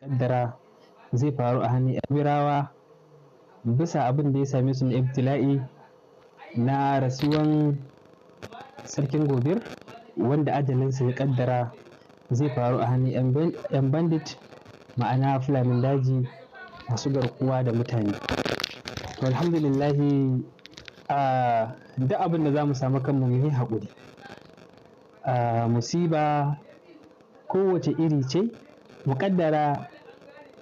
kaddara zai faru a hannun Amirawa bisa abin da ya same su na ibtila'i na rasuwan sarkin gobir wanda ajalinsa ya kaddara zai faru a hannun 'yan bandit ma'ana fulanin daji masu garkuwa da mutane alhamdulillahi a duk abin da za mu samu kanmu mu yi haƙuri musiba kowace iri ce muƙaddara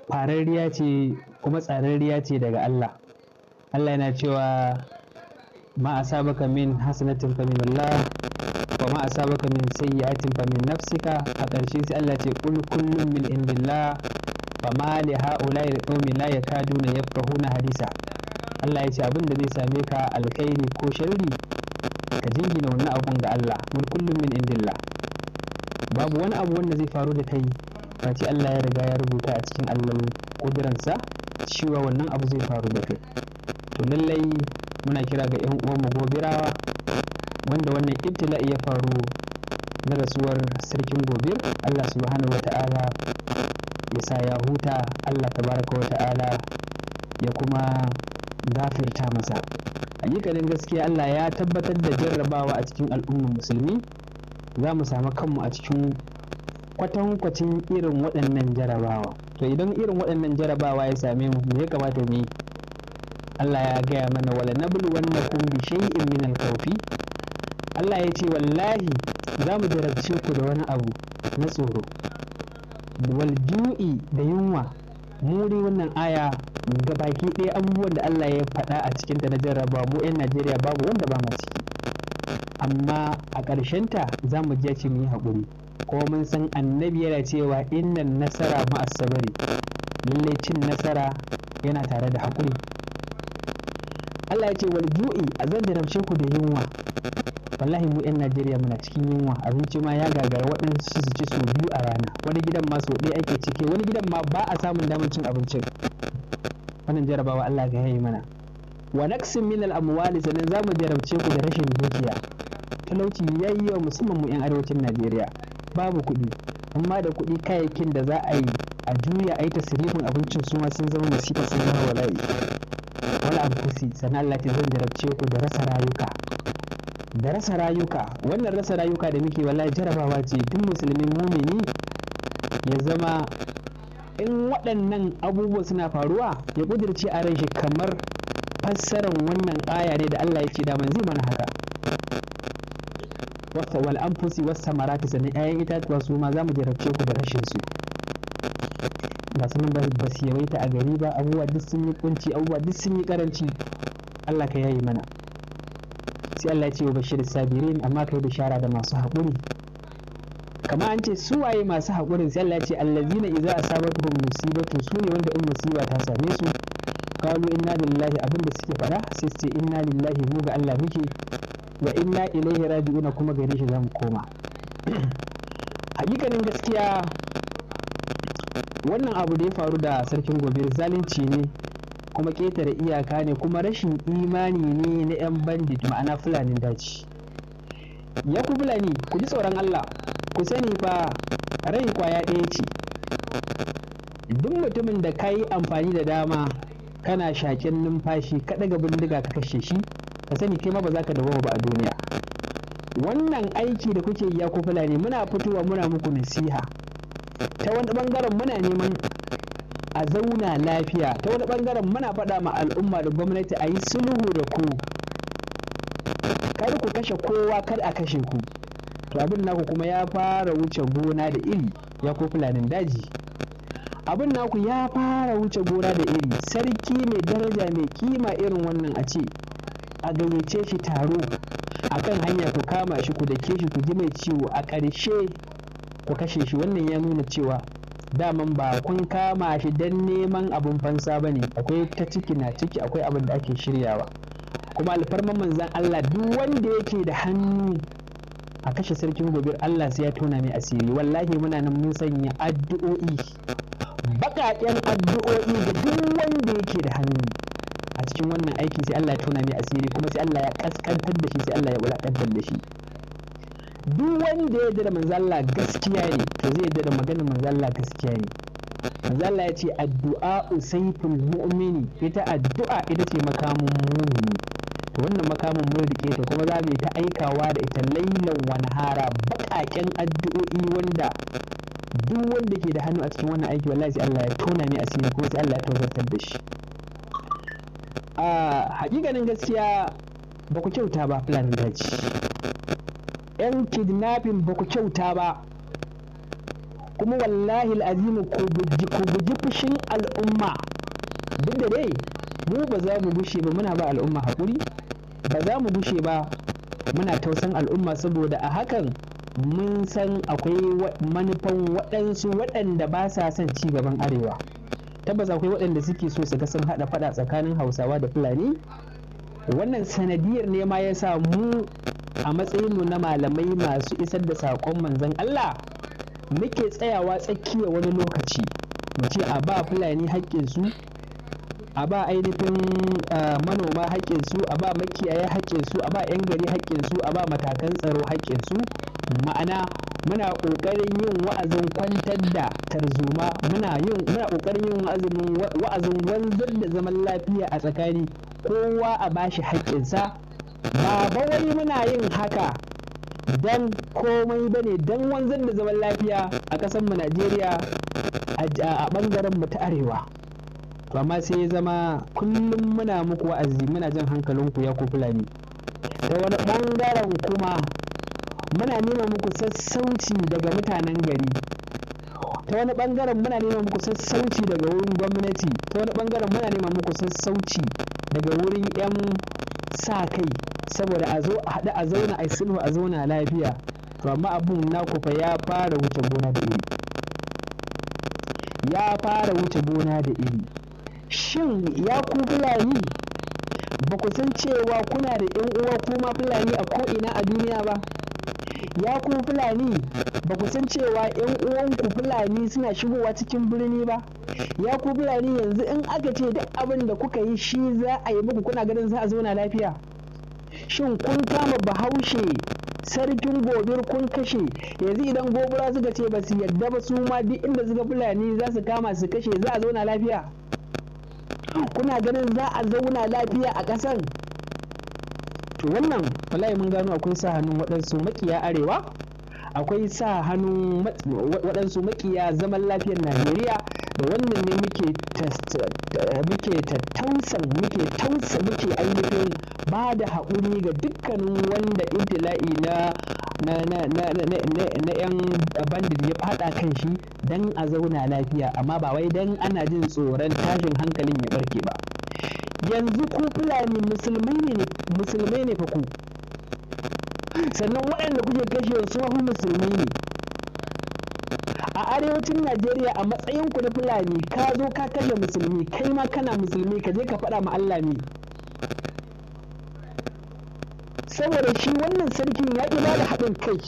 fararriya ce kuma tsararriya ce daga Allah Allah yana cewa ma a sabaka min hasanatin famin Allah wa ma sabaka min sayyi'atin fa nafsika a ƙarshe sai Allah ce kul kullum min indillah fa ma li ha'ula'i qaumi la yakaduna yafqahuna hadisa Allah ya ce abin da zai same ka alkhairi ko sharri ka jingina wannan abun ga Allah kul kullum min indillah babu wani abu wanda zai faru da kai ce Allah ya riga ya rubuta a cikin allon kudiransa cewa wannan abu zai faru da kai to lallai muna kira ga yan uwan gobirawa wanda wannan ibtila'i ya faru na rasuwar sarkin gobir Allah subhanahu wa ta'ala ya sa ya huta Allah tabaraka wa ta'ala ya kuma gafirta masa hakikalin gaskiya Allah ya tabbatar da jarrabawa a cikin al'ummar musulmi za mu samu kanmu a cikin kwatankwacin irin waɗannan jarabawa to idan irin waɗannan jarabawa ya same mu me ya kamata mu yi Allah ya gaya mana wala nablu kun bi shay'in min al kawfi Allah ya ce wallahi za mu jarabce ku da wani abu na tsoro wal ju'i da yunwa mu dai wannan aya ga baki ɗaya abubuwan da Allah ya faɗa a cikin ta na jarraba mu 'yan Najeriya babu wanda ba ma ciki amma a ƙarshenta za mu je ci mu yi haƙuri ko mun san annabi yana cewa innan nasara ma'as asabari lallai cin nasara yana tare da haƙuri Allah ya ce wal ju'i a zan jarabce ku da yunwa wallahi mu yan Najeriya muna cikin yunwa abinci ma ya gagara waɗansu su ci sau biyu a rana wani gidan ma sau ɗaya ake cike wani gidan ma ba a samun damar cin abincin wannan jarabawa Allah ga yayi mana wa naqsin min al amwali sanan zamu jarabce ku da rashin dukiya talauci ya yi wa musamman mu 'yan arewacin najeriya babu kuɗi amma da kuɗi kayayyakin da za a yi a juya a yi tasirifin abincin su ma sun zama masifa sun zama wani abu abusi sana Allah ta zan jarabce ku da rasa rayuka da rasa rayuka wannan rasa rayuka da muke wallahi jarabawa ce duk musulmin mumini ya zama in waɗannan abubuwa suna faruwa ya ƙudurce a ran shi kamar fassarar wannan aya ne da Allah ya ce daman zai mana haka wal anfusi was samarati sanin ƴaƴan itatuwa su ma zamu jarabce ku da rashin su ga sunan ba su yawaita a gari ba abubuwa duk sun yi kunci abubuwa duk sun yi karanci Allah ka yayi mana sai Allah ya ce wa bashir sabirin amma kai bishara da masu haƙuri kamar an ce su waye masu haƙurin sai Allah ya ce allazina idza asabatuhum musibatu su ne wanda in musiba ta same su kalu inna lillahi abinda suke fada sai su ce inna lillahi mu ga Allah muke wa inna ilaihi raji'una kuma gare shi zamu koma hakikanin gaskiya wannan abu da ya faru da sarkin gobe zalunci ne kuma ƙetare iyaka ne kuma rashin imani ne na 'yan bandit ma'ana fulanin daji ya ku fulani ku ji tsoron allah ku sani fa rai kwaya ɗaya ce duk mutumin da ka yi amfani da dama kana shaken numfashi ka ga bindiga ka kashe shi ka sani kai ma ba za ka dawo ba a duniya wannan aiki da kuke yi ya ku fulani muna fitowa muna muku nasiha ta wani bangaren muna neman a zauna lafiya ta wani bangaren muna faɗa ma al'umma da gwamnati a yi sulhu da ku kar ku kashe kowa kar a kashe ku to abin naku kuma ya fara wuce gona da iri ya ku fulanin daji abin naku ya fara wuce gora da iri sarki mai daraja mai kima irin wannan a ce a gayyace shi taro a kan hanya ku kama shi ku dake shi ku ji mai ciwo a ƙarshe ku kashe shi wannan ya nuna cewa daman ba kun kama shi don neman abin fansa ba ne akwai ta ciki na ciki akwai abin da ake shiryawa kuma alfarman manzan Allah duk wanda yake da hannu a kashe sarkin gobir Allah sai ya tona mai asiri wallahi muna nan mun sanya addu'o'i baƙaƙen addu'o'i da duk wanda yake da hannu a cikin wannan aiki sai Allah ya tona mai asiri kuma sai Allah ya kaskantar da shi sai Allah ya wulakantar da shi duk wanda ya da manzo Allah gaskiya ne to zai yarda da maganar manzo Allah gaskiya ne manzo Allah ya ce addu'a sayful mu'mini ita addu'a ita ce makamin mu'mini to wannan makamin mun rike ta kuma za mu yi ta aikawa da ita lailan wanhara baƙaƙen addu'o'i wanda duk wanda ke da hannu a cikin wannan aiki wallahi sai Allah ya tona ni asiri kuma sai Allah ya tabbatar da shi a hakikanin gaskiya ba ku kyauta ba fulani daji yan kidnapping ba ku kyauta ba kuma wallahi al'azimu ku guji fushin al'umma duk da dai mu ba za mu gushe ba muna ba al'umma haƙuri ba za mu gushe ba muna tausan al'umma saboda a hakan mun san akwai manufan waɗansu waɗanda ba sa son ci gaban arewa tabbas akwai waɗanda suke so su ga sun haɗa faɗa tsakanin hausawa da fulani wannan sanadiyar ne ma ya sa mu a matsayinmu na malamai masu isar da saƙon manzon Allah muke tsayawa tsakiya wani lokaci mu ce a ba fulani haƙƙinsu a ba ainihin eh, manoma haƙƙinsu a ba makiyaya haƙƙinsu a ba 'yan gari haƙƙinsu a ba matakan tsaro haƙƙinsu ma'ana muna ƙoƙarin yin wa'azin kwantar da tarzoma muna yin muna ƙoƙarin yin wa'azin wanzar da zaman lafiya a tsakani kowa a bashi haƙƙinsa ba wani muna yin haka don komai ne don wanzar da zaman lafiya a ƙasarmu Najeriya a ɓangaren mu ta arewa to amma sai ya zama kullum muna muku wa'azi muna jin hankalinku ya ku fulani da wani ɓangaren kuma muna nema muku sassauci daga mutanen gari ta wani ɓangaren muna nema muku sassauci daga wurin gwamnati ta wani ɓangaren muna nema muku sassauci daga wurin 'yan sa kai saboda a zo a haɗu a zauna a sulhu a zauna lafiya to amma abun na fa ya fara wuce gona da iri ya fara wuce gona da iri shin ya ku fulani ba ku san cewa kuna da yan uwa kuma fulani a ko'ina a duniya ba ya ku fulani ba ku san cewa yan uwanku fulani suna shigowa cikin birni ba ya ku fulani yanzu in aka ce duk abin da kuka yi shi za a yi muku kuna ganin za a zauna lafiya shin kun kama bahaushe sarkin gobir kun kashe yanzu idan gobura suka ce ba su yadda ba su ma duk inda suka fulani za su kama su kashe za a zauna lafiya kuna ganin za a zauna lafiya a ƙasar to wannan wallahi mun gano akwai sa hannun waɗansu makiya arewa akwai sa hannun waɗansu makiya zaman lafiyar najeriya da wannan ne muke eh, muke tattausan muke tausa muke ainihin ba da haƙuri ga dukkanin wanda itila'i na na yan bandit ya fada kan shi don a zauna lafiya amma ba wai dan ana jin tsoron tashin hankalin ya barke ba yanzu ku fulani ne musulmai ne fa ku sannan waɗanda kuke kashe su musulmai ne arewacin najeriya a matsayin ku na fulani ka zo ka da musulmi kai ma kana musulmi ka je ka faɗa ma allah ne saboda shi wannan sarkin ya ƙi da haɗin kai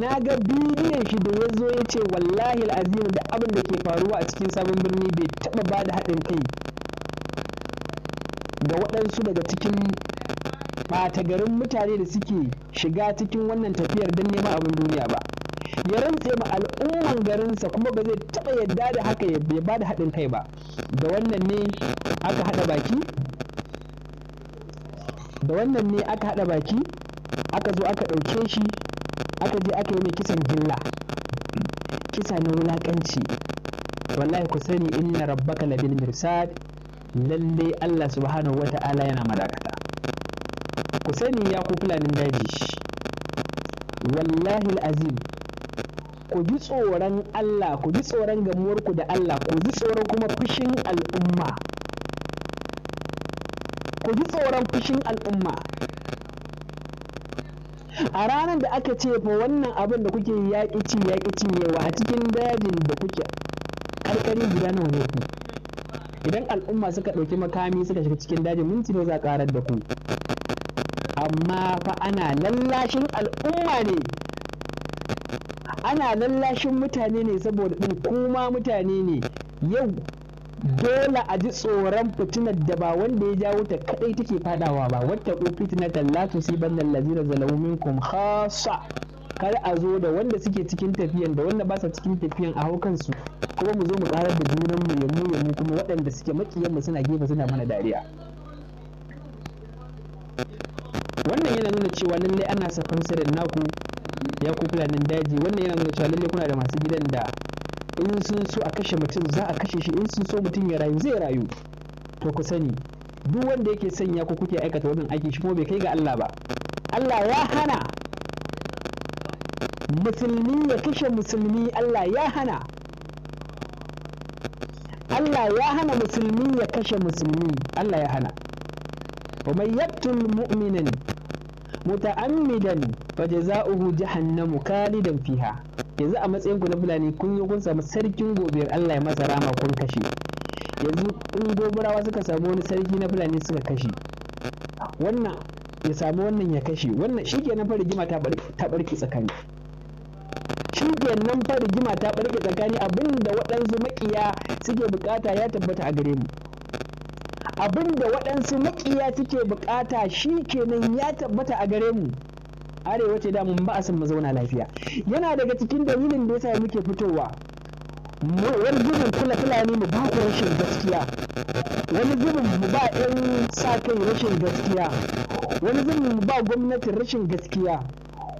na ga bidiyon shi da ya zo ya ce wallahi azim da abin da ke faruwa a cikin sabon birni bai taɓa ba da haɗin kai da waɗansu daga cikin ɓata garin mutane da suke shiga cikin wannan tafiyar don neman abin duniya ba ya rantse ma al'umman garinsa kuma ba zai taɓa yadda da haka ya ba da haɗin kai ba da wannan ne aka haɗa baki da wannan ne aka haɗa baki aka zo aka ɗauke shi aka je aka yi mai kisan gilla kisa na wulaƙanci wallahi ku sani inna rabbaka labil mirsad lalle Allah subhanahu wata'ala yana madakata ku sani ya ku fulanin daji wallahi azim ku ji tsoron Allah ku ji tsoron gamuwarku da Allah ku ji tsoron kuma fushin al'umma ku ji tsoron fushin al'umma a ranar da aka ce fa wannan abin da kuke yaƙi ci yaƙi ci wa a cikin dajin da kuke karkarin guda nawa ne ku idan al'umma suka ɗauki makami suka shiga cikin dajin minti ne za a ƙarar da ku amma fa ana lallashin al'umma ne ana lallashin mutane ne saboda ɗin kuma mutane ne yau dole a ji tsoron fitinar da ba wanda ya jawo ta kadai take fadawa ba wata ko sai la tusiban da zalamu minkum khassa kar a zo da wanda suke cikin tafiyan da wanda ba sa cikin tafiyan a haukan su kuma mu zo mu karar da junan mu yamu yamu kuma waɗanda suke makiyan mu suna gefe suna mana dariya wannan yana nuna cewa lallai ana safan sirrin naku ya ko fulanin daji wannan yana nuna cewa lalle kuna da masu gidan da in sun so a kashe mutum za a kashe shi in sun so mutum ya rayu zai rayu to ku sani duk wanda yake sanya ko kuke aikata wannan aiki shi kuma bai kai ga Allah ba Allah ya hana musulmi ya kashe musulmi Allah ya hana Allah ya hana musulmi ya kashe musulmi Allah ya hana wa mai yaktul muta'ammidan fa jazaohu jahannamu khalidan fiha yanzu a matsayin ku na fulani kun yi kun samu sarkin gobiyar Allah ya masa rama kun kashe yanzu in goburawa suka samu wani sarki na fulani suka kashe wannan ya samu wannan ya kashe wannan shi kenan fa rigima ta barki tsakani shi kenan fa rigima ta barki tsakani abinda waɗansu makiya suke bukata ya tabbata a gare mu Abin da waɗansu maƙiya suke buƙata shi kenan ya tabbata a gare mu arewa ce da mun ba a mu zauna lafiya yana daga cikin dalilin da yasa muke fitowa wani gudun kula kula ne mu ba ku rashin gaskiya wani zubin mu ba ɗan sa kai rashin gaskiya wani zubin mu ba gwamnati rashin gaskiya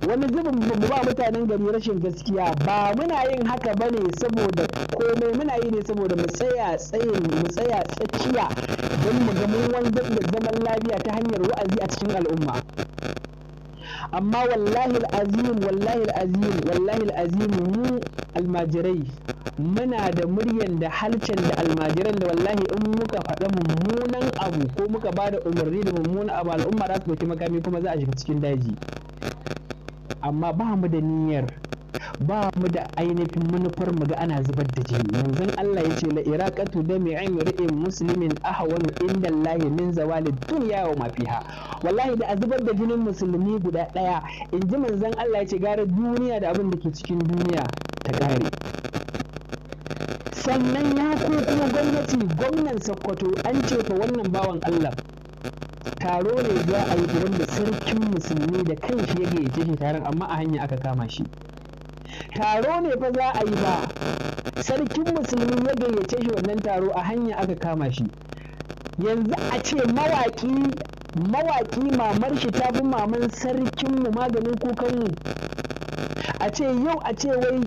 wani zubin mu ba mutanen gari rashin gaskiya ba muna yin haka ba ne saboda komai muna yi ne saboda mu tsaya tsayin mu tsaya tsakiya don mu ga mun da zaman lafiya ta hanyar wa'azi a cikin al'umma amma wallahi al'azim wallahi al'azim wallahi al'azim mu almajirai muna da muryan da halcin da almajiran da wallahi in muka faɗa mummunan abu ko muka ba da umarni da mummunan abu al'umma za su ɗauki makami kuma za a shiga cikin daji amma ba mu da niyyar ba mu da ainihin manufar mu ga ana zubar da jini yanzu Allah ya ce la iraqatu dami imri'in muslimin ahwan inda Allah min zawali dunya wa ma fiha wallahi da azubar da jinin musulmi guda daya in ji manzon Allah ya ce gara duniya da abin da ke cikin duniya ta ƙare. sannan ya ko kuma gwamnati gwamnan Sokoto an ce fa wannan bawan Allah taro ne za a yi da sarkin musulmi da kanshi ya gayyace shi taron amma a hanya aka kama shi taro ne fa za a yi ba sarkin musulmi ya gayyace shi wannan taro a hanya aka kama shi yanzu a ce mawaƙi mawaki mamar shi ta fi maman sarkinmu maganin kukan mu. a ce yau a ce wai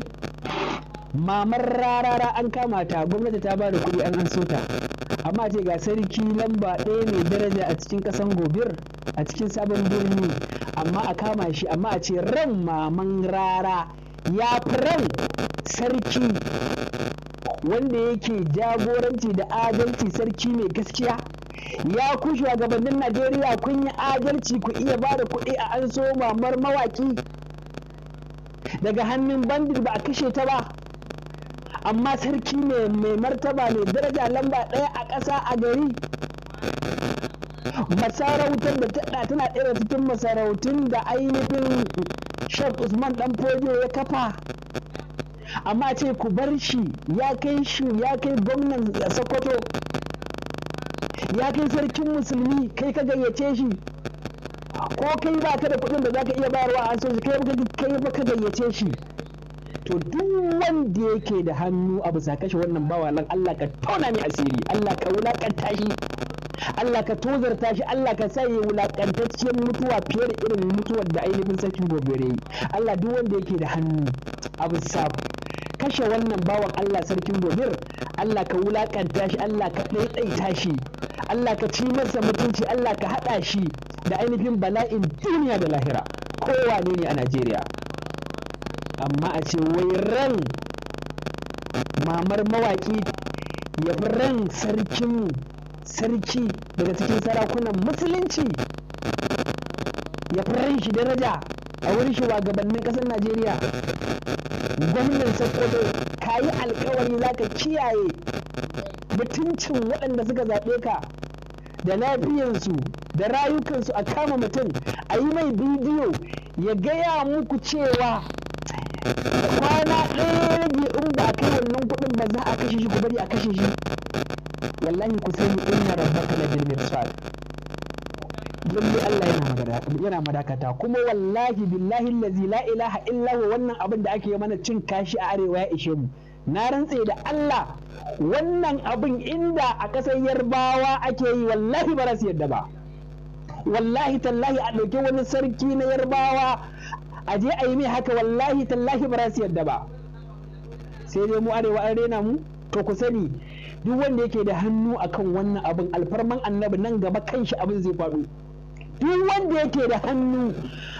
mamar rarara an kama ta gwamnati ta ba da kuɗi an an sota amma ce ga sarki lamba ɗaya mai daraja a cikin ƙasan gobir a cikin sabon birni amma a kama shi amma a ce ran maman rara ya fi ran sarki wanda yake jagoranci da adalci sarki mai gaskiya ya ku shugabannin najeriya kun yi adalci ku iya ba da kuɗi a an so mamar mawaƙi daga hannun bandit ba a kashe ta ba amma sarki ne mai martaba ne daraja lamba ɗaya a ƙasa a gari masarautar da taɗa tana ɗaya cikin masarautun da ainihin shek usman ɗan fojo ya kafa amma ce ku bar shi ya kai shi ya kai gwamnan sokoto ya kai sarkin musulmi kai ka gayyace shi ko kai ba ka da kuɗin da za ka iya bayarwa an so kai ba ka gayyace shi to duk wanda yake da hannu a bisa kashe wannan bawalan Allah ka tona mai asiri Allah ka wulakanta shi Allah ka tozarta shi Allah ka sai wulakantacciyar mutuwa fiye da irin mutuwar da ainihin sarkin gobere Allah duk wanda yake da hannu a bisa kashe wannan bawan Allah sarkin gobir Allah ka wulakanta shi Allah ka ɗaiɗaita shi Allah ka ci masa mutunci Allah ka haɗa shi da ainihin bala'in duniya da lahira kowa ne ne a Najeriya amma a ce wai ran mamar mawaƙi ya fi ran sarkin sarki daga cikin sarakunan musulunci ya fi ran shi daraja a wurin shugabannin ƙasar najeriya gwamnan sokoto ka yi alkawari za ka kiyaye mutuncin waɗanda suka zaɓe ka da lafiyansu da rayukansu a kama mutum a yi mai bidiyo ya gaya muku cewa kwana ɗaya rage in ba kai wannan kuɗin ba za a kashe shi ku bari a kashe shi wallahi ku sani inna rabbaka la bil mirsad lalle Allah yana madakata yana madakata kuma wallahi billahi allazi la ilaha illa huwa wannan abin da ake mana cin kashi a arewa ya ishe mu na rantse da Allah wannan abin inda a ƙasar yarbawa ake yi wallahi ba za su yadda ba wallahi tallahi a ɗauke wani sarki na yarbawa a je a yi mai haka wallahi tallahi ba su yadda ba sai dai mu arewa an rena mu to ku sani duk wanda yake da hannu akan wannan abin alfarman annabi nan gaba kanshi abin zai faɗo duk wanda yake da hannu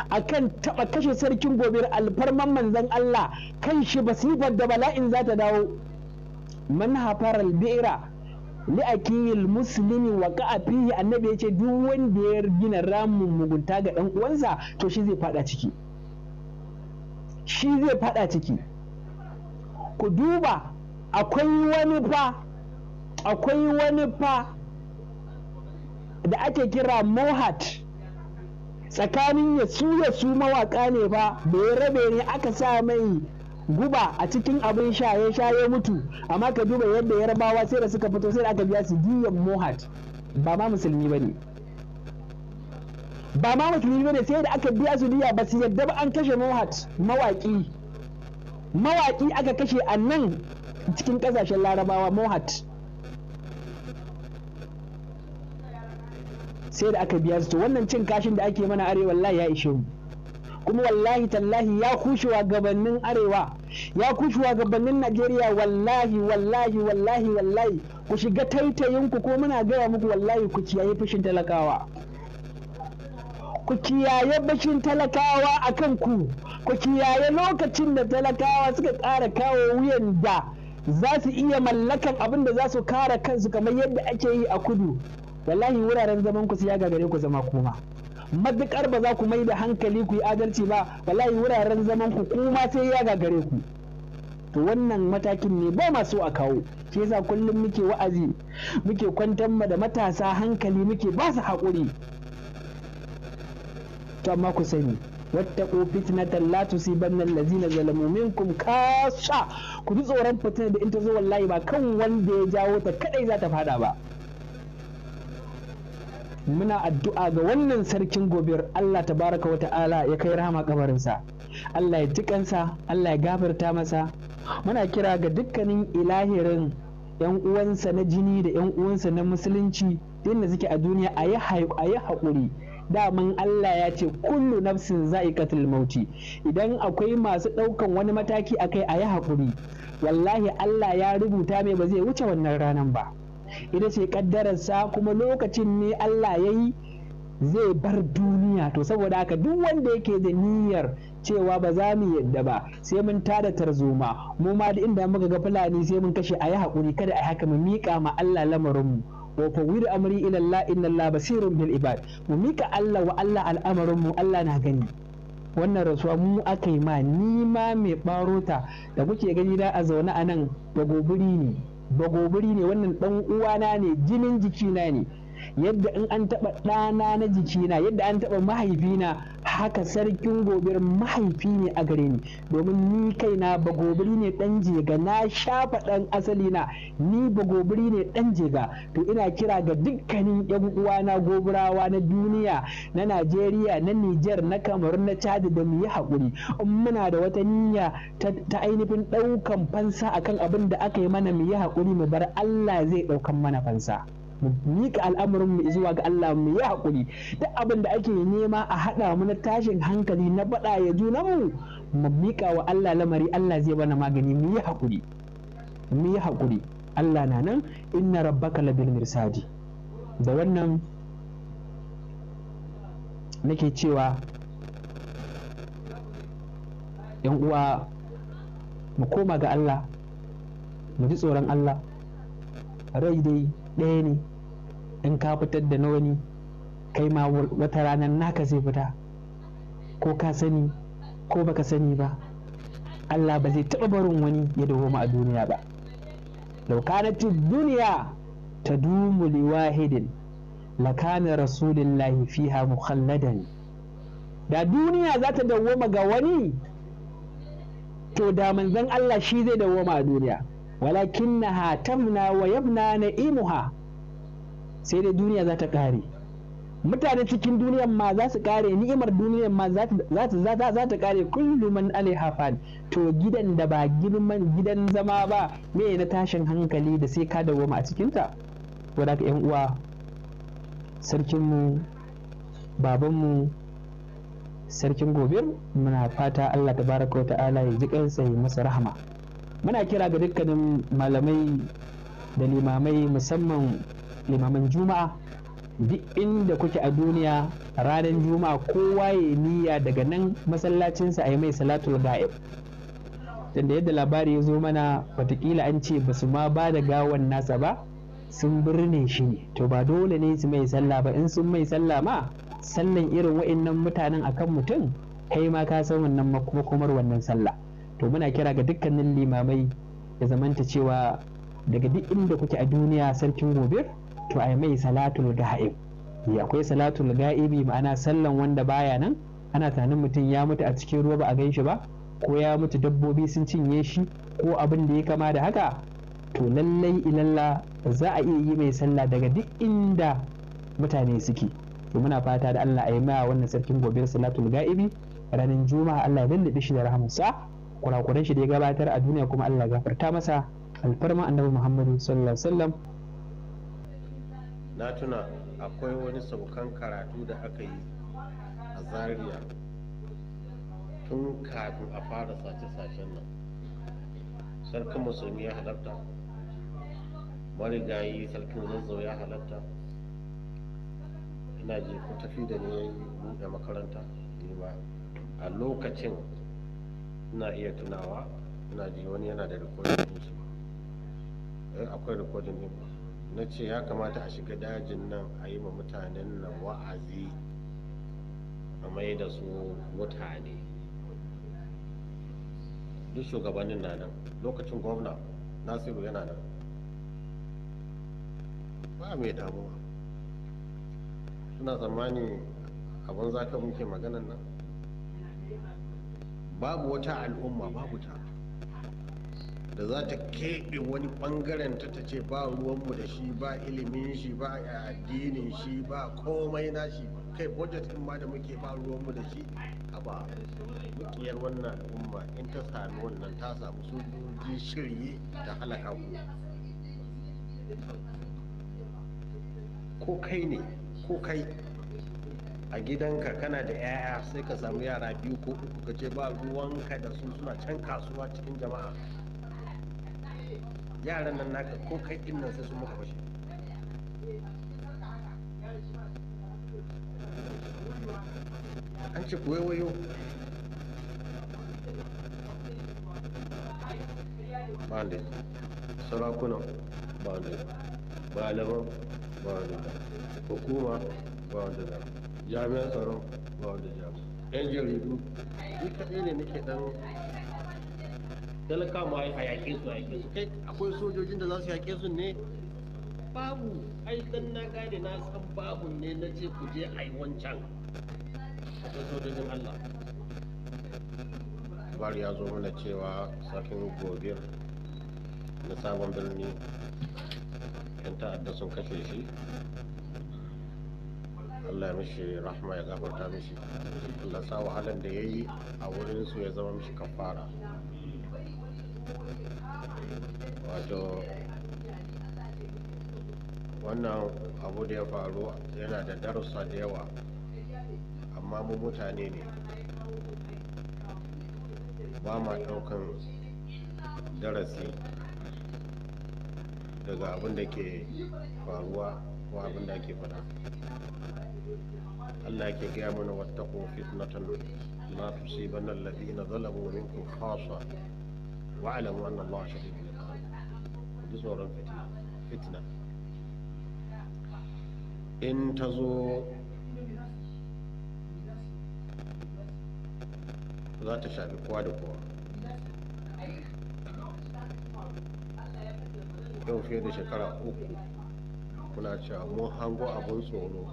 akan taɓa kashe sarkin gobe alfarman Manzon Allah kan kanshi basifar da bala'in za ta dawo man hafaral bi'ira li'akiyil muslimi wa fihi annabi ya ce duk wanda ya gina ramin mugunta ga ɗan uwansa to shi zai faɗa ciki shi zai faɗa ciki ku duba akwai wani fa akwai wani fa da ake kira mohat tsakanin ya su ya su mawaka ne fa bai rabe ne aka sa mai guba a cikin abin sha ya mutu amma ka duba yadda yarbawa sai da suka fito sai da aka biya su diyan mohat ba ma musulmi ba ne ba ma musulmi ne sai da aka biya su diya ba su yadda ba an kashe mawat mawaki mawaki aka kashe a nan cikin kasashen larabawa mohat sai da aka biya su to wannan cin kashin da ake mana arewa wallahi ya ishe kuma wallahi tallahi ya kushewa gabanin arewa ya kushewa gabanin najeriya wallahi wallahi wallahi wallahi ku shiga taitayinku ko muna gaya muku wallahi ku kiyaye fushin talakawa ku kiyaye bakin talakawa a kanku ku kiyaye lokacin da talakawa suka ƙara kawo wuyan da za su iya mallakan abin da za su kare kansu kamar yadda ake yi a kudu wallahi wuraren zaman ku ya gagare ku zama kuma matuƙar ba za ku mai da hankali ku yi adalci ba wallahi wuraren zaman ku kuma sai ya gagare ku to wannan matakin ne ba masu a kawo shi yasa kullum muke wa'azi muke kwantar ma da matasa hankali muke ba su haƙuri to amma ku sani wattaqu fitnatan la tusibanna lazina zalamu minkum kasha ku ji tsoron fitina da in ta zo wallahi ba kan wanda ya jawo ta kadai za ta fada ba muna addu'a ga wannan sarkin gobiyar Allah tabaraka wa ta'ala ya kai rahama kabarinsa Allah ya jikansa Allah ya gafarta masa muna kira ga dukkanin ilahirin yan uwansa na jini da yan uwansa na musulunci inda suke a duniya a yi haƙuri daman Allah ya ce kullu nafsin za'iqatul mauti idan akwai masu ɗaukan wani mataki akai a yi haƙuri wallahi Allah ya rubuta mai ba zai wuce wannan ranan ba ita ce sa kuma lokacin ne Allah ya yi zai bar duniya to saboda haka duk wanda yake da niyyar cewa ba za mu yadda ba sai mun tada tarzoma mu ma da inda muka ga fulani sai mun kashe a yi haƙuri kada a haka mu miƙa ma Allah lamarinmu wa fawwidu amri ila Allah inna Allah basirun bil ibad mu mika Allah wa Allah al'amarin mu Allah na gani wannan rasuwa mu aka yi ma ni ma mai barota da kuke gani da a zaune a nan bagoburi ne bagoburi ne wannan dan uwana ne jinin jikina ne yadda in an taɓa ɗana na jikina yadda an taɓa mahaifina haka sarkin gobir mahaifi ne a gare ni domin ni kaina ba gobiri ne ɗan jega na shafa ɗan asali na ni ba gobiri ne ɗan jega to ina kira ga dukkanin yan uwana goburawa na duniya na najeriya na nijar na kamaru na chad da mu yi haƙuri in muna da wata niyya ta ainihin ɗaukan fansa akan abin da aka yi mana mu yi haƙuri mu bar allah zai ɗaukan mana fansa. mu miƙa al'amarin mu zuwa ga Allah mu yi haƙuri duk abin da ake nema a haɗa mu na tashin hankali na baɗa ya juna mu mu miƙa wa Allah lamari Allah zai bana magani mu yi haƙuri mu yi hakuri Allah na nan inna rabbaka labil mirsadi da wannan nake cewa yan uwa mu koma ga Allah mu ji tsoron Allah rai dai ɗaya ne in ka fitar da na wani kai ma wata ranar naka zai fita ko ka sani ko baka sani ba Allah ba zai taɓa barin wani ya dawoma a duniya ba laukanatin duniya ta dumu liwahidin lakana rasulillahi fiha mukhalladan da duniya za ta dawoma ga wani to da manzon Allah shi zai dawoma a duniya walakin na hatamna wa yabna na imuha sai dai duniya za ta ƙare mutane cikin duniyan ma za su ƙare ni'imar duniyan ma za ta ƙare kullum man alaiha to gidan da ba girman gidan zama ba me na tashin hankali da sai ka dawo a cikinta wadaka yan uwa sarkinmu babanmu sarkin gobir muna fata allah tabaraka wa ta'ala ya ji kansa ya masa rahama muna kira ga dukkanin malamai da limamai musamman limamin juma'a duk inda kuke a duniya ranar juma'a kowa ya niyya daga nan masallacinsa a yi mai salatul ga'ib tunda yadda labari ya zo mana watakila an ce basu ma ba da gawan nasa ba sun birne shi ne to ba dole ne su mai sallah ba in sun mai sallah ma sallan irin wa'innan mutanen akan mutum kai ma ka san wannan makomar wannan sallah to muna kira ga dukkanin limamai ya zamanta cewa daga duk inda kuke a duniya sarkin gobir to ai mai salatul ga'ib eh, akwai salatul ga'ibi ma'ana sallan wanda baya nan ana tunanin mutum ya mutu a cikin ruwa ba a gan shi ba ko ya mutu dabbobi sun cinye shi ko abin da ya kama da haka to lallai ilalla za a iya yi mai sallah daga duk inda mutane suke to muna fata da Allah a yi ma wannan sarkin gobe salatul ga'ibi ranar juma'a Allah ya lallabe shi da rahamsa. kurakuran shi da ya gabatar a duniya kuma Allah ya gafarta masa alfarma annabi Muhammadu sallallahu alaihi wasallam na tuna akwai wani saukan karatu da aka yi a zaria tun kafin a fara sace-sacen nan sarkin musulmi ya halatta marigayi sarkin zazzau ya halatta ina je ku tafi da ne buɗe makaranta nema a lokacin ina iya tunawa ina ji wani yana da rikodin eh, akwai rikodin na ce ya kamata a shiga dajin nan a yi ma mutanen nan wa'azi a mai da su mutane duk shugabannin na nan lokacin gwamna nasiru yana nan ba mai damuwa suna tsammani abin zaka muke maganan nan babu wata al'umma babu ta da za ta keɓe wani ɓangaren ta ce ba ruwanmu da shi ba ilimin shi ba addinin shi ba komai na shi kai budget ɗin ma da muke ba ruwanmu da shi a ba mukiyar wannan umma in ta sami wannan ta samu sojoji shirye ta halaka ku ko kai ne ko kai a gidanka kana da 'ya'ya sai ka samu yara biyu ko uku ka ce ba ruwanka da su suna can kasuwa cikin jama'a yaran nan naka ko kai din nan sai sun maka fashe an ce ku wayo ba ne sarakunan ba ne malaman ba ne hukuma ba ne jami'an tsaron ba ne jami'an yan jaridu ni kaɗai ne nake ɗan talaka ma a yaƙe su a yaƙe su kai akwai sojojin da za su yaƙe su ne babu ai dan na gane na san babu ne na ce ku je yi wancan akwai sojojin Allah bari ya zo mana cewa safin gobe na sabon birni yan ta'adda sun kashe shi Allah ya mishi rahma ya gafarta mishi Allah sa wahalan da ya yi a wurinsu ya zama mishi kafara wato wannan abu da ya faru yana da darussa da yawa amma mu mutane ne ba ma ɗaukan darasi daga abin da ke faruwa ko abin da ke faɗa Allah ke gaya mana wata ko fitnatan la tusibanna na zalamu minkum khassa wa alamu anna Allah shadidul iqab ku ji tsoron fitina fitna in ta zo za ta shafi kowa da kowa yau fiye da shekara uku kuna cewa mun hango abin tsoro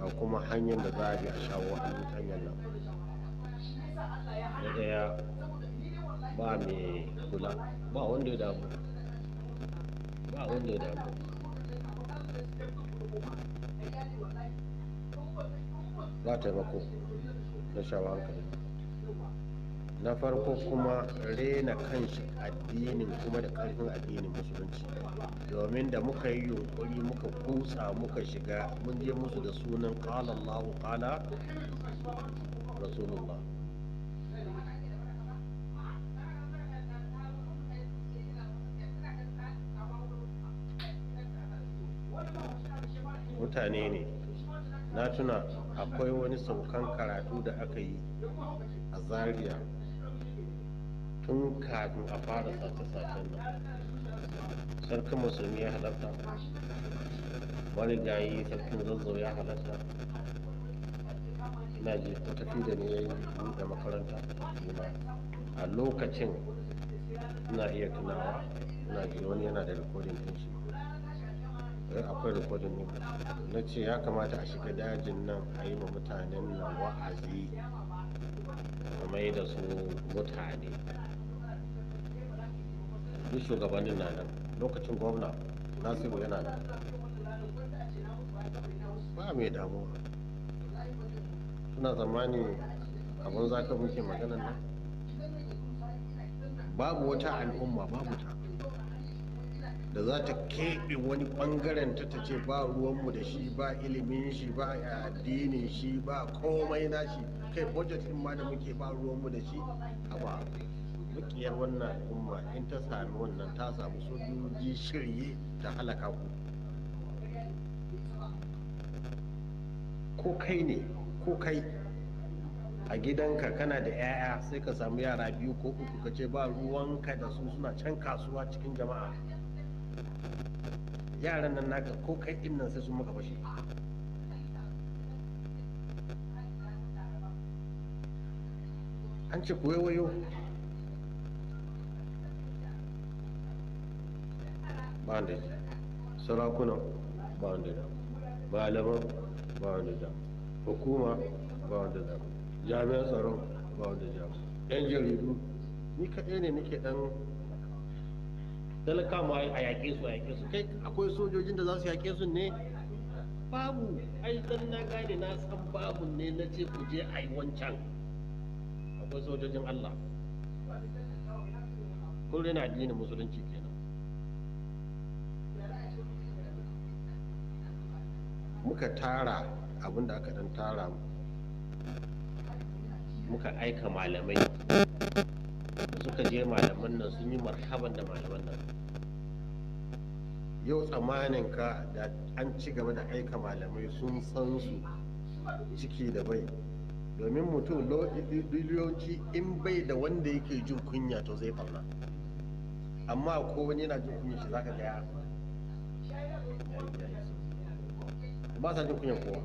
ga kuma hanyar da za a bi a shawo hannun hanyar nan na ɗaya ba mai kula ba wanda ya damu ba wanda ya damu ba taimako na shawo kai. na farko kuma rena kanshi addinin kuma da ƙarfin addinin musulunci domin da muka yi yunkuri muka kutsa muka shiga mun je musu da sunan ƙalallahu ƙala rasulullah mutane ne na tuna akwai wani saukan karatu da aka yi a zaria tun kafin a fara sace-sacen nan sarkin musulmi ya halatta marigayi sarkin zazzau ya halatta ina ji tafi da ne ya yi da makaranta a lokacin ina iya tunawa ina ji wani yana da rikodin ɗin shi don eh, akwai rikodin ne na ce ya kamata a shiga dajin nan a yi ma mutanen nan wa'azi a mai da su mutane duk shugabannin na nan lokacin gwamna nasiru yana nan ba mai damuwa suna zamani abin zaka muke magana nan babu wata al'umma babu da za ta keɓe wani ɓangaren ta ta ce ba ruwanmu da shi ba ilimin shi ba addinin shi ba komai na shi kai budget in ma da muke ba ruwanmu da shi a ba wannan al'umma in ta sami wannan ta samu sojoji shirye ta halaka ku ko kai ne ko kai a gidanka kana da 'ya'ya sai ka samu yara biyu ko uku ka ce ba ruwanka da su suna can kasuwa cikin jama'a yaran nan naka ko kai din nan sai sun maka fashe an ce ku wayo ba da Sarakuna, ba wanda da damu malaman ba da damu hukuma ba da damu jami'an tsaron ba da damu yan jaridu ni kaɗai ne nake ɗan talaka ma a yaƙe su a yaƙe su kai akwai sojojin da za su yaƙe su ne babu ai dan na gane na san babu ne na ce ku je a yi wancan akwai sojojin Allah kun rena addinin musulunci kenan muka tara abin da aka dan tara muka aika malamai suka je malaman nan sun yi marhaban da malaman nan yau tsamanin ka da an ci gaba da aika malamai sun san su ciki da bai domin mutum biliyoci in bai da wanda yake jin kunya to zai barna amma ko wani yana jin kunya shi zaka ga ya ba sa jin kunya kowa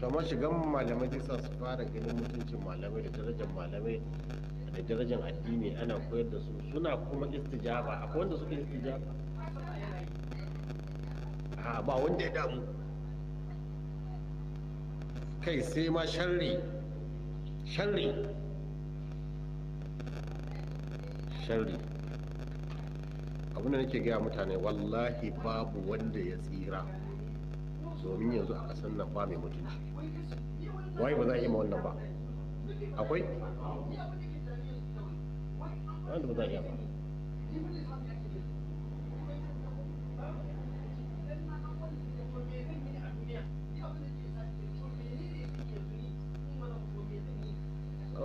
to amma shigan malamai zai sa su fara ganin mutuncin malamai da darajar malamai da darajar addini ana koyar da su suna kuma istijaba akwai wanda suka istijaba a ba wanda ya damu kai sai ma sharri sharri sharri abinda nake gaya mutane wallahi babu wanda ya tsira domin yanzu a kasan nan ba mai mutunci waye ba za a yi ma wannan ba akwai wanda ba za a yi ba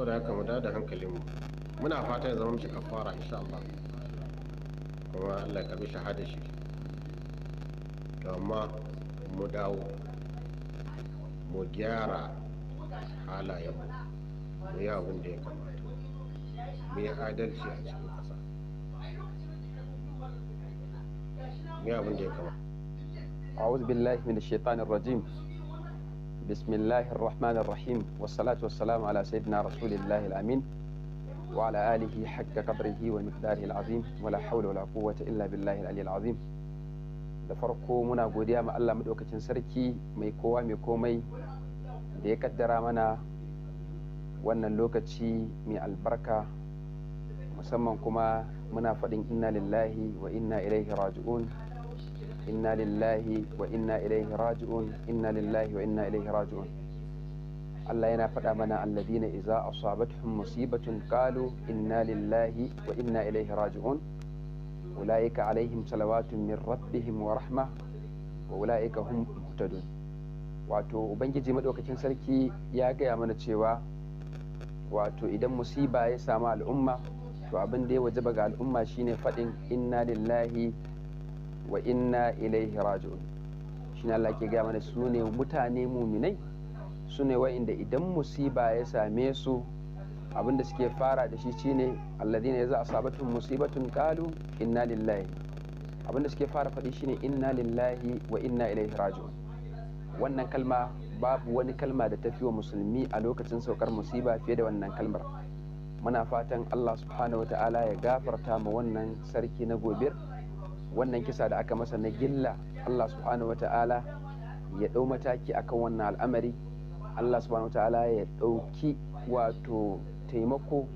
saboda haka mu da mu muna fata ya zama mishi kafara insha Allah kuma Allah ka bi shahada shi to amma mu dawo mu gyara halayenmu mu yi abin da ya kamata mu yi adalci a cikin ƙasa mu yi abin da ya kamata أعوذ بالله من الشيطان الرجيم بسم الله الرحمن الرحيم والصلاة والسلام على سيدنا رسول الله الأمين وعلى آله حق قدره ومقداره العظيم ولا حول ولا قوة إلا بالله العلي العظيم da farko muna godiya ma Allah maɗaukacin sarki mai kowa mai komai da ya kaddara mana wannan lokaci mai albarka musamman kuma muna faɗin inna lillahi wa inna ilaihi raji'un inna lillahi wa inna ilaihi raji'un inna lillahi wa inna ilaihi raji'un Allah yana faɗa mana alladina iza asabatuhum musibatun ƙalu. inna lillahi wa inna ilaihi raji'un ulaika alaihim salawatun min rabbihim wa rahma wato ubangiji madaukakin sarki ya gaya mana cewa wato idan musiba ya samu al'umma to abin da ya wajaba ga al'umma shine faɗin inna lillahi wa inna ilaihi raji'un shine Allah ke gaya mana su ne mutane muminai su ne wa'inda idan musiba ya same su abinda suke fara da shi shine alladhina yaza asabatun musibatun qalu inna lillahi abinda suke fara faɗi shine inna lillahi wa inna ilaihi raji'un wannan kalma babu wani kalma da tafi wa musulmi a lokacin saukar musiba fiye da wannan kalmar muna fatan Allah subhanahu wa ta'ala ya gafarta ma wannan sarki na gobe. wannan kisa da aka masa na gilla Allah subhanahu wata'ala ya ɗau mataki akan wannan al'amari Allah subhanahu wata'ala ya ɗauki wato taimako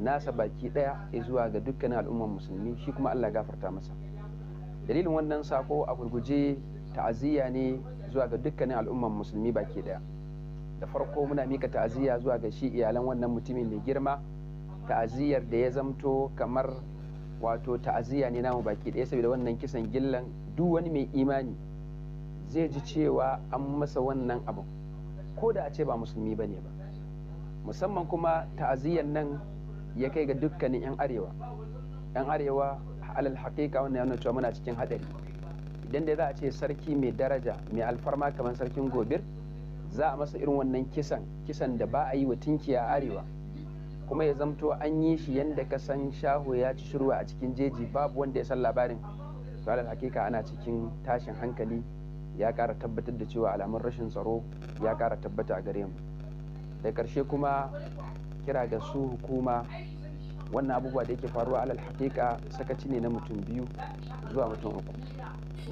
nasa baki ɗaya zuwa ga dukkanin al'ummar musulmi shi kuma Allah gafarta masa dalilin wannan sako a gurguje ta'aziyya ne zuwa ga dukkanin al'ummar musulmi baki ɗaya da farko muna mika ta'aziyya zuwa ga shi iyalan wannan mutumin mai girma ta'aziyyar da ya zamto kamar wato ta'aziyya ne namu baki ɗaya saboda wannan kisan gillan duk wani mai imani zai ji cewa an masa wannan abu ko da a ce ba musulmi ba ne ba musamman kuma ta'aziyyan nan ya kai ga dukkanin 'yan arewa 'yan arewa alal haƙiƙa wannan yana cewa muna cikin haɗari idan da za a ce sarki mai daraja mai alfarma kamar sarkin gobir za a masa irin wannan kisan kisan da ba a yi wa a arewa kuma ya zamto an yi shi yadda ka san shaho ya ci shirwa a cikin jeji babu wanda ya san labarin to alal hakika ana cikin tashin hankali ya ƙara tabbatar da cewa alamun rashin tsaro ya ƙara tabbata a gare mu da karshe kuma kira ga su hukuma wannan abubuwa da yake faruwa alal hakika sakaci ne na mutum biyu zuwa mutum uku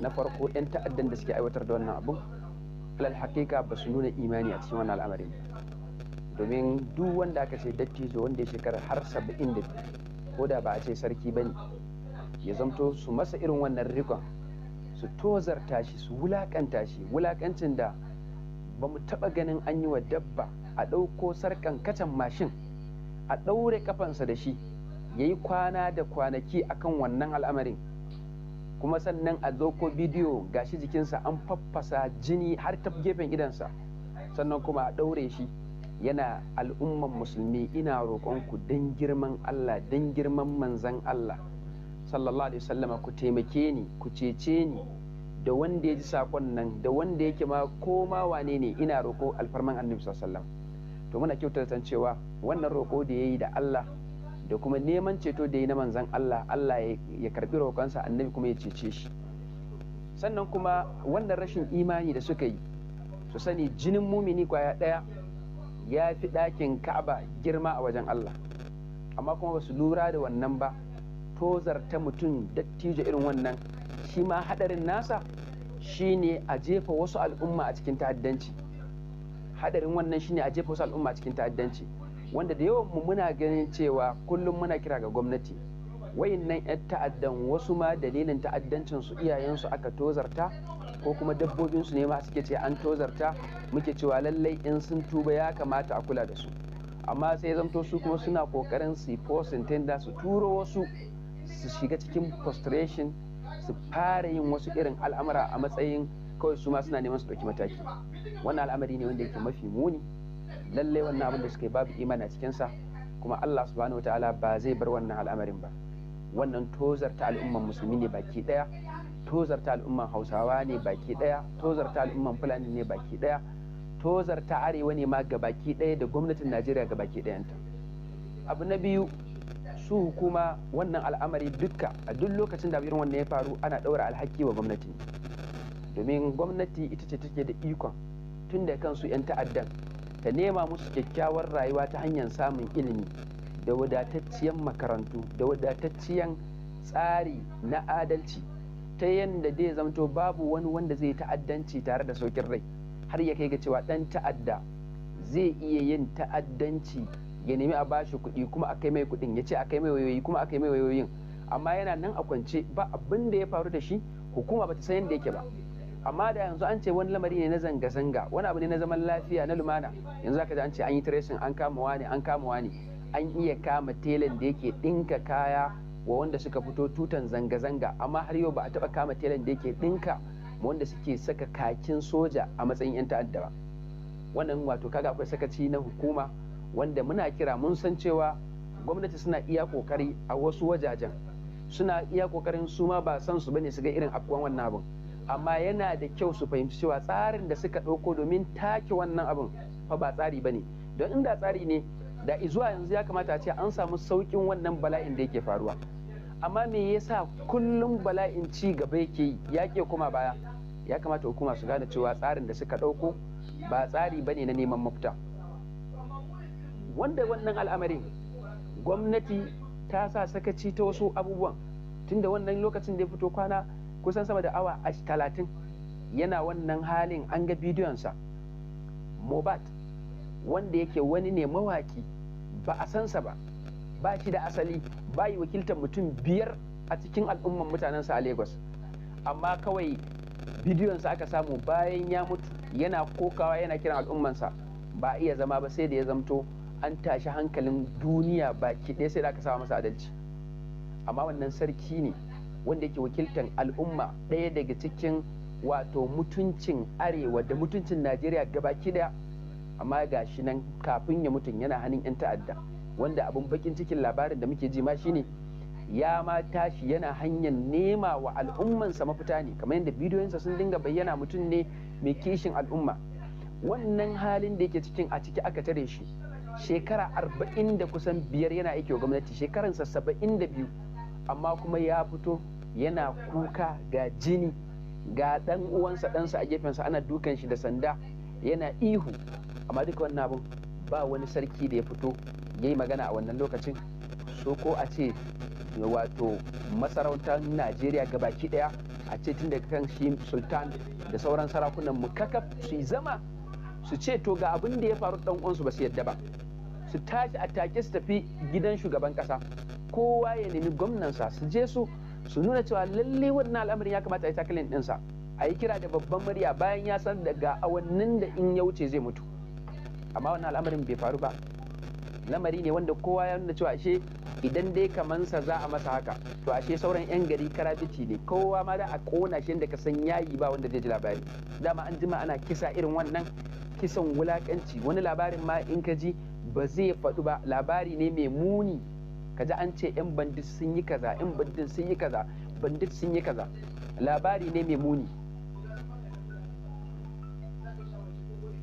na farko 'yan ta'addan da suke aiwatar da wannan abu alal hakika ba su nuna imani a cikin wannan al'amarin domin duk wanda aka ce dattijo wanda ya shekara har saba'in da ko da ba a ce sarki ba ne ya zamto su masa irin wannan rikon su tozarta shi su wulakanta shi wulakancin da ba mu taɓa ganin an yi wa dabba a ɗauko sarkan kacan mashin a ɗaure kafansa da shi ya yi kwana da kwanaki akan wannan al'amarin kuma sannan a zoko bidiyo gashi jikinsa an faffasa jini har ta gefen idansa sannan kuma a ɗaure shi yana al'umman musulmi ina roƙonku don girman Allah don girman manzan Allah sallallahu alaihi wasallama ku taimake ni ku cece ni da wanda ya ji sakon nan da wanda yake ma ko ma wane ne ina roƙo alfarman annabi sallallahu to muna kyautata cewa wannan roƙo da yayi da Allah da kuma neman ceto da yi na manzan Allah Allah ya karbi roƙonsa annabi kuma ya cece shi sannan kuma wannan rashin imani da suka yi su sani jinin mumini kwaya ɗaya ya fi ɗakin ka'aba girma a wajen Allah amma kuma basu lura da wannan ba tozarta mutum dattijo irin wannan shi ma haɗarin nasa shine a jefa wasu al'umma a cikin ta'addanci haɗarin wannan shine a jefa wasu al'umma a cikin ta'addanci wanda da yawan mu muna ganin cewa kullum muna kira ga gwamnati wayannan 'yan ta'addan wasu ma dalilin ta'addancin su iyayensu aka tozarta ko kuma dabbobinsu ne ma suke ce an tozarta muke cewa lallai in sun tuba ya kamata a kula da su amma sai zamto su kuma suna kokarin su forcing su turo wasu su shiga cikin frustration su fara yin wasu irin al'amura a matsayin kawai su ma suna neman su ɗauki mataki wannan al'amari ne wanda yake mafi muni lallai wannan abin da suka babu imani a cikinsa kuma Allah subhanahu wataala ba zai bar wannan al'amarin ba wannan tozarta al'umman musulmi ne baki daya tozarta al'umman hausawa ne baki daya tozarta al'umman fulani ne baki daya tozarta arewa ne ma ga baki daya da gwamnatin najeriya ga baki dayanta abu na biyu su hukuma wannan al'amari duka a duk lokacin da irin wannan ya faru ana ɗaura alhaki wa gwamnati domin gwamnati ita ce take da ikon tun da kansu 'yan ta'addan ta nema musu kyakkyawar rayuwa ta hanyar samun ilimi da wadatacciyar makarantu da wadatacciyar tsari na adalci ta yadda zai zamto babu wani wanda zai ta'addanci tare da saukin rai har ya kai ga cewa dan ta'adda zai iya yin ta'addanci ya nemi a bashi kuɗi kuma a kai mai kuɗin ya ce a kai mai wayoyi kuma a kai mai wayoyin amma yana nan a kwance ba abin da ya faru da shi hukuma bata san yadda yake ba amma da yanzu an ce wani lamari ne na zanga-zanga wani abu ne na zaman lafiya na lumana yanzu aka ji an ce an yi tracing an kama wani an kama ne. an iya kama telan da yake dinka kaya wa wanda suka fito tutan zanga-zanga amma har yau ba a taba kama telan da yake ɗinka wanda suke saka kakin soja a matsayin 'yan ta'adda ba wannan wato kaga akwai sakaci na hukuma wanda muna kira mun san cewa gwamnati suna iya kokari a wasu wajajen suna iya kokarin su ma ba san su bane su ga irin afkuwan wannan abin amma yana da kyau su fahimci cewa tsarin da suka ɗauko domin take wannan abin fa ba tsari bane don inda tsari ne da zuwa yanzu ya kamata a ce an samu sauƙin wannan bala'in da yake faruwa amma me yasa kullum bala'in ci gaba yake yi ya ke kuma baya ya kamata hukuma su gane cewa tsarin da suka ɗauko ba tsari ba ne na neman mafita wanda wannan al'amarin gwamnati ta sa sakaci ta wasu abubuwan tunda wannan lokacin da ya fito kwana kusan sama da awa talatin yana wannan halin an ga bidiyon sa mobat wanda yake wani ne mawaki ba a sansa ba ba shi da asali ba yi wakiltar mutum biyar a cikin al'umman mutanen sa a lagos amma kawai bidiyon bidiyonsa aka samu bayan ya mutu yana kokawa yana kiran al'ummansa ba a iya zama ba sai da ya zamto an tashi hankalin duniya baki ɗaya sai da aka samu masa adalci amma wannan sarki ne wanda yake wakiltar al'umma ɗaya daga cikin wato mutuncin arewa da mutuncin najeriya gabaki ɗaya amma ga shi nan kafin ya mutum yana hannun 'yan ta'adda wanda abin bakin cikin labarin da muke ji ma shine ya ma tashi yana hanyar nema wa al'ummansa mafita ne kamar yadda bidiyoyinsa sun dinga bayyana mutum ne mai kishin al'umma wannan halin da yake cikin a ciki aka tare shi shekara arba'in da kusan biyar yana aiki wa gwamnati shekaransa saba'in da biyu amma kuma ya fito yana kuka ga jini ga ɗan uwansa ɗansa a gefensa ana dukan shi da sanda yana ihu amma duka wannan abun ba wani sarki da ya fito ya yi magana a wannan lokacin so ko a ce wato masarautar najeriya ga baki daya a ce tun daga kan shi sultan da sauran sarakunan mu kakaf su zama su ce to ga abin da ya faru dan uwansu ba su yadda ba su tashi a take su tafi gidan shugaban kasa kowa ya nemi gwamnansa su je su su nuna cewa lalle wannan al'amarin ya kamata a yi takalin ɗinsa a yi kira da babban murya bayan ya san daga awannin da in ya wuce zai mutu amma wannan al'amarin bai faru ba lamari ne wanda kowa ya nuna cewa ashe idan dai sa za a masa haka to ashe sauran yan gari karabici ne kowa ma da a kona shi da ka san yayi ba wanda zai ji labari dama an jima ana kisa irin wannan kisan wulakanci wani labarin ma in ka ji ba zai faɗu ba labari ne mai muni ka an ce yan bandit sun yi kaza yan bandit sun yi kaza bandit sun yi kaza labari ne mai muni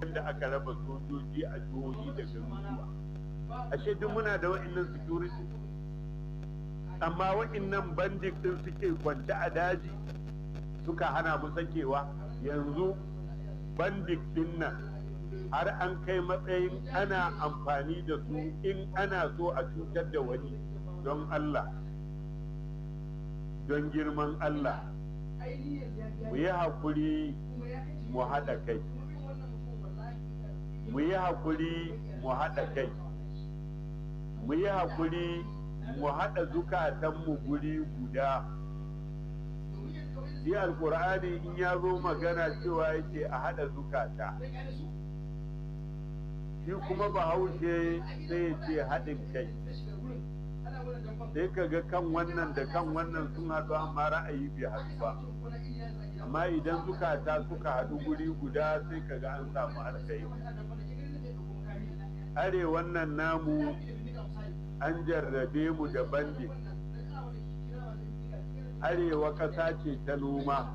da aka raba sojoji a jihohi da garuruwa ashe duk muna da wa'annan security amma wa'annan bandit din suke kwance a daji suka hana mu sakewa yanzu bandit din nan har an kai matsayin ana amfani da su in ana so a cutar da wani don Allah don girman Allah mu yi haƙuri mu haɗa kai mu yi haƙuri mu haɗa kai mu yi haƙuri mu haɗa zukatanmu guri guda shi alƙur'ani in ya zo magana cewa yake a haɗa zukata shi kuma bahaushe sai ya ce haɗin kai sai ka ga kan wannan da kan wannan sun haɗu amma ra'ayi bai haɗu ba amma idan zukata suka haɗu guri guda sai ka ga an samu alkai are wannan namu an jarrabe mu da bandit arewa ƙasa ce ta noma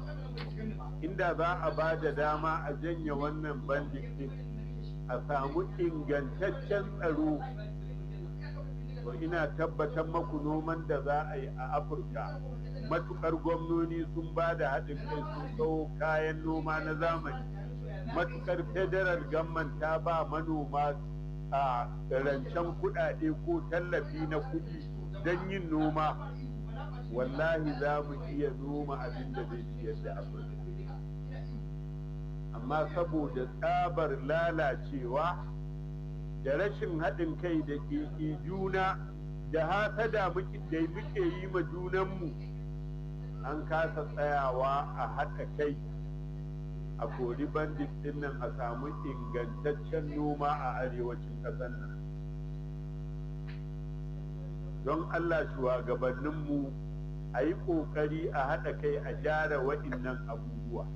inda za a ba da dama a janye wannan bandit din a samu ingantaccen tsaro ko ina tabbatar maku noman da za a yi a afirka matukar gwamnoni sun ba da haɗin kai sun kawo kayan noma na zamani matukar federal gamman ta ba manoma a rancen kuɗaɗe ko tallafi na kuɗi don yin noma wallahi za mu iya noma abin da zai ciyar da afirka amma saboda tsabar lalacewa da rashin haɗin kai da ke juna da hasada muke yi ma junanmu an kasa tsayawa a haɗa kai a kori bandit din nan a samu ingantaccen noma a arewacin ƙasar nan don allah shugabanninmu a yi ƙoƙari a haɗa kai a jara waɗannan abubuwa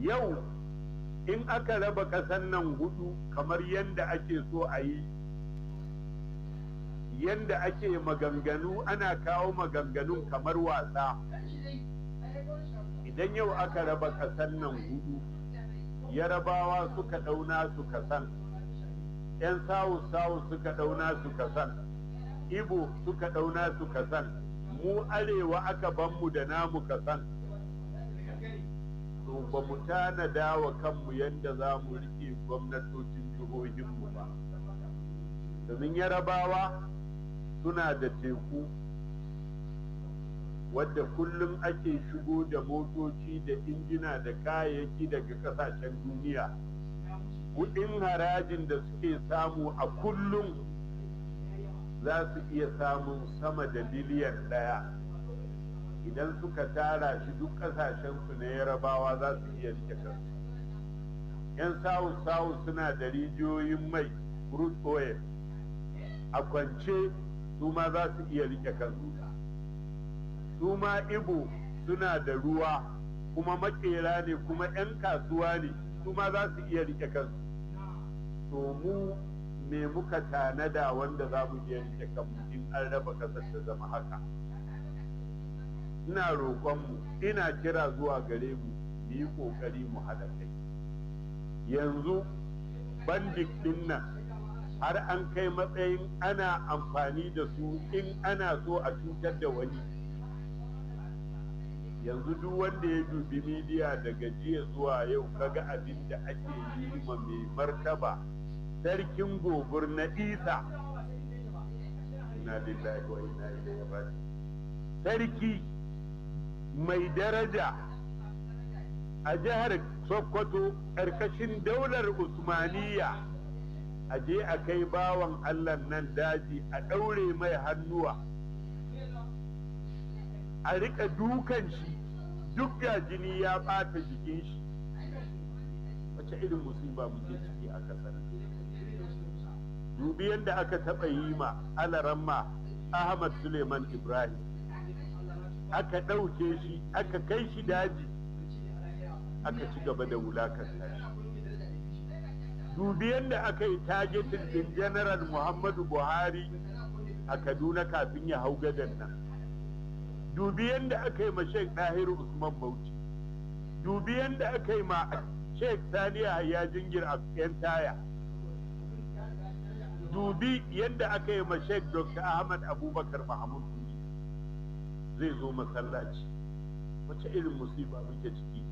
yau in aka raba ƙasar nan hudu kamar yadda ake so a yi yanda ake maganganu ana kawo maganganun kamar wasa idan yau aka raba kasan nan hudu yarabawa suka dauna su kasan yan sawu sawu suka dauna su kasan ibo suka dauna su kasan mu arewa aka banmu da namu kasan to ba mu tanada wa kanmu yadda za mu riƙe gwamnatocin jihohinmu ba domin yarabawa suna da teku wadda kullum ake shigo da motoci da injina da kayayyaki daga kasashen duniya kudin harajin da suke samu a kullum za su iya samun sama da miliyan daya idan suka tara shi duk kasashen su na yarabawa za su iya rike kansu yan sawun sawun suna da rijiyoyin mai crude oil a kwance su ma za su iya rike kansu su ma ibo suna da ruwa kuma makera ne kuma 'yan kasuwa ne su ma za su iya rike kansu to mu me muka tanada wanda za mu iya rike kanmu in an raba kasar ta zama haka ina roƙonmu ina kira zuwa gare mu mu yi ƙoƙari mu haɗa kai yanzu bandik ɗin nan har an kai matsayin ana amfani da su in ana so a cutar da wani yanzu duk wanda ya dubi midiya daga jiya zuwa yau kaga abin da ake yi ma mai martaba sarkin gobir na isa sarki mai daraja a jihar sokoto ƙarƙashin daular usmaniya a je a kai bawan Allah nan daji a ɗaure mai hannuwa a riƙa dukan shi duk ga jini ya ɓata jikin shi wace irin musiba muke ciki a kasar dubi yadda aka taɓa yi ma alaramma Ahmad Suleiman Ibrahim aka ɗauke shi aka kai shi daji aka ci gaba da wulakanta shi dubi yadda aka yi targetin din general muhammadu buhari a kaduna kafin ya hau gadon nan dubi yadda aka yi ma sheik dahir usman bauchi dubi yadda aka yi ma sheik saniya ya jingir a yan taya dubi yadda aka yi ma sheik dr ahmad abubakar mahamud zai zo masallaci wace irin musiba muke ciki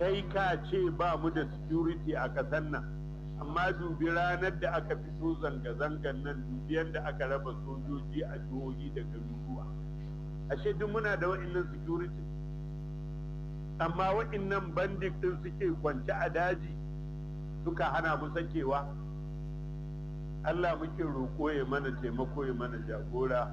kai ka ce ba mu da security a kasar nan amma dubi ranar da aka fito zanga zangan nan dubi yadda aka raba sojoji a jihohi da garuruwa ashe duk muna da wa'annan security amma wa'annan bandit din suke kwance a daji suka hana mu sakewa Allah muke roƙo ya mana taimako ya mana jagora